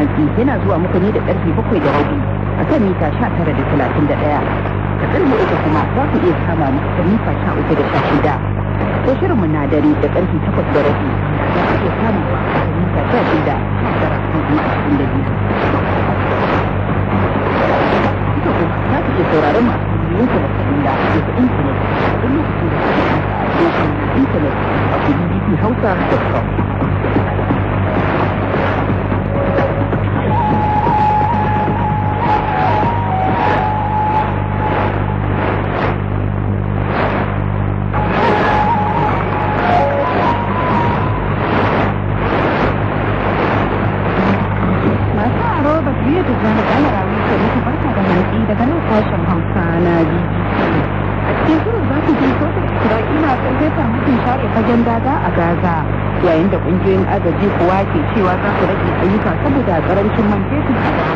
hantsi yana zuwa muku ne da karfe bakwai da rabi a kan mita sha tara da talatin da ɗaya da karfe uku kuma za ku iya kama mu kan mita sha uku da sha shida ko shirinmu na dare da karfe takwas da rabi za ku iya kama mu mita sha shida sha tara ko kuma ashirin da biyu. Kuka kuma za ku iya sauraron mu a kan yankin da da ke intanet a duk lokacin da yi a yankin intanet a kudu hausa.com. zama da ana rayu ke muku barka da hantsi daga nan sashen hausa na bbc a cikin shirin za ku ji sosai isra'ila sun kai mutum share fagen daga a gaza yayin da kungiyoyin agaji kuwa ke cewa za su rage ayyuka saboda karancin man fetur a